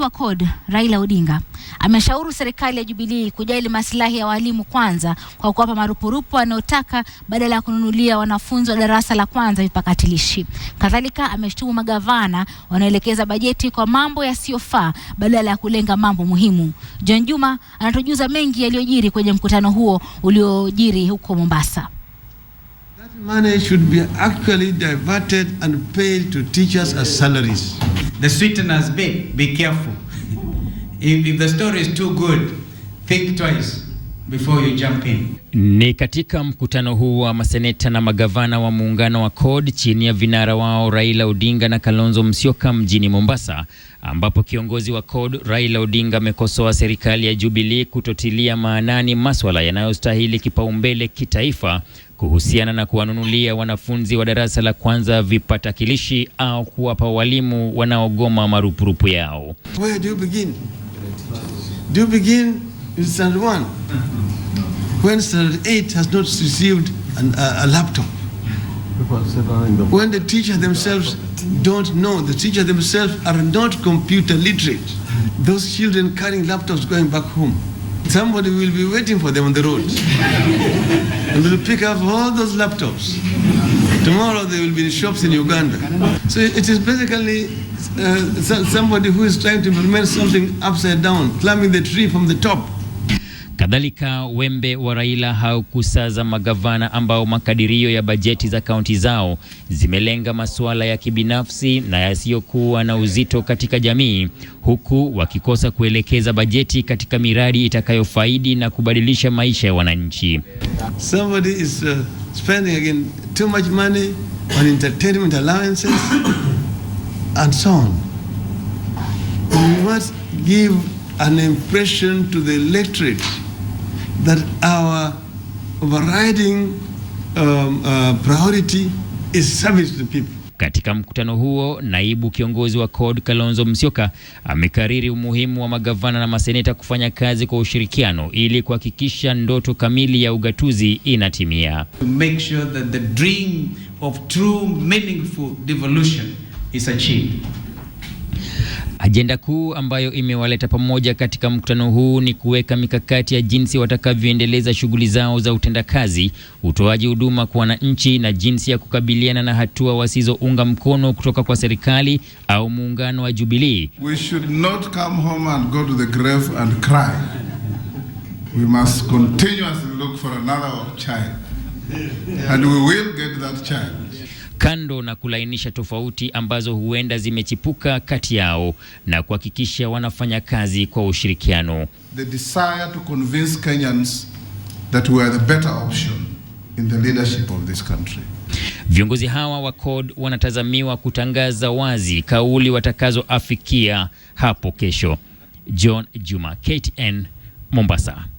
wa CORD Raila Odinga ameshauri serikali ya Jubilee kujali maslahi ya walimu kwanza kwa kuwapa marupurupu wanayotaka badala ya kununulia wanafunzi wa darasa la kwanza vipakatilishi. Kadhalika, ameshtumu magavana wanaelekeza bajeti kwa mambo yasiyofaa badala ya kulenga mambo muhimu. John Juma anatujuza mengi yaliyojiri kwenye mkutano huo uliojiri huko Mombasa. That money should be actually diverted and paid to teachers as salaries. The sweeteners be, be careful. if, if the story is too good, think twice before you jump in. Ni katika mkutano huu wa maseneta na magavana wa muungano wa cod chini ya vinara wao Raila Odinga na Kalonzo Musyoka mjini Mombasa, ambapo kiongozi wa cod Raila Odinga amekosoa serikali ya Jubilee kutotilia maanani maswala yanayostahili kipaumbele kitaifa kuhusiana na kuwanunulia wanafunzi wa darasa la kwanza vipatakilishi au kuwapa walimu wanaogoma marupurupu yao. Where do you begin? Do you begin in standard one? When standard eight has not received an, a, a laptop? When the teacher themselves don't know, the teacher themselves are not computer literate. Those children carrying laptops going back home. Somebody will be waiting for them on the road. and will pick up all those laptops. Tomorrow there will be shops in Uganda. So it is basically uh, somebody who is trying to implement something upside down, climbing the tree from the top. Kadhalika, wembe wa Raila haukusaza magavana ambao makadirio ya bajeti za kaunti zao zimelenga masuala ya kibinafsi na yasiyokuwa na uzito katika jamii, huku wakikosa kuelekeza bajeti katika miradi itakayofaidi na kubadilisha maisha ya wananchi. Somebody is uh, spending again too much money on entertainment allowances and so on. We must give an impression to the electorate that our overriding um, uh, priority is service to people. Katika mkutano huo, naibu kiongozi wa CORD Kalonzo Musyoka amekariri umuhimu wa magavana na maseneta kufanya kazi kwa ushirikiano ili kuhakikisha ndoto kamili ya ugatuzi inatimia. To make sure that the dream of true meaningful devolution is achieved. Ajenda kuu ambayo imewaleta pamoja katika mkutano huu ni kuweka mikakati ya jinsi watakavyoendeleza shughuli zao za utendakazi, utoaji huduma kwa wananchi na jinsi ya kukabiliana na hatua wasizounga mkono kutoka kwa serikali au muungano wa Jubilee. We should not come home and go to the grave and cry. We must continuously look for another child. And we will get that child kando na kulainisha tofauti ambazo huenda zimechipuka kati yao na kuhakikisha wanafanya kazi kwa ushirikiano. The desire to convince Kenyans that we are the better option in the leadership of this country. Viongozi hawa wa CORD wanatazamiwa kutangaza wazi kauli watakazoafikia hapo kesho. John Juma, KTN, Mombasa.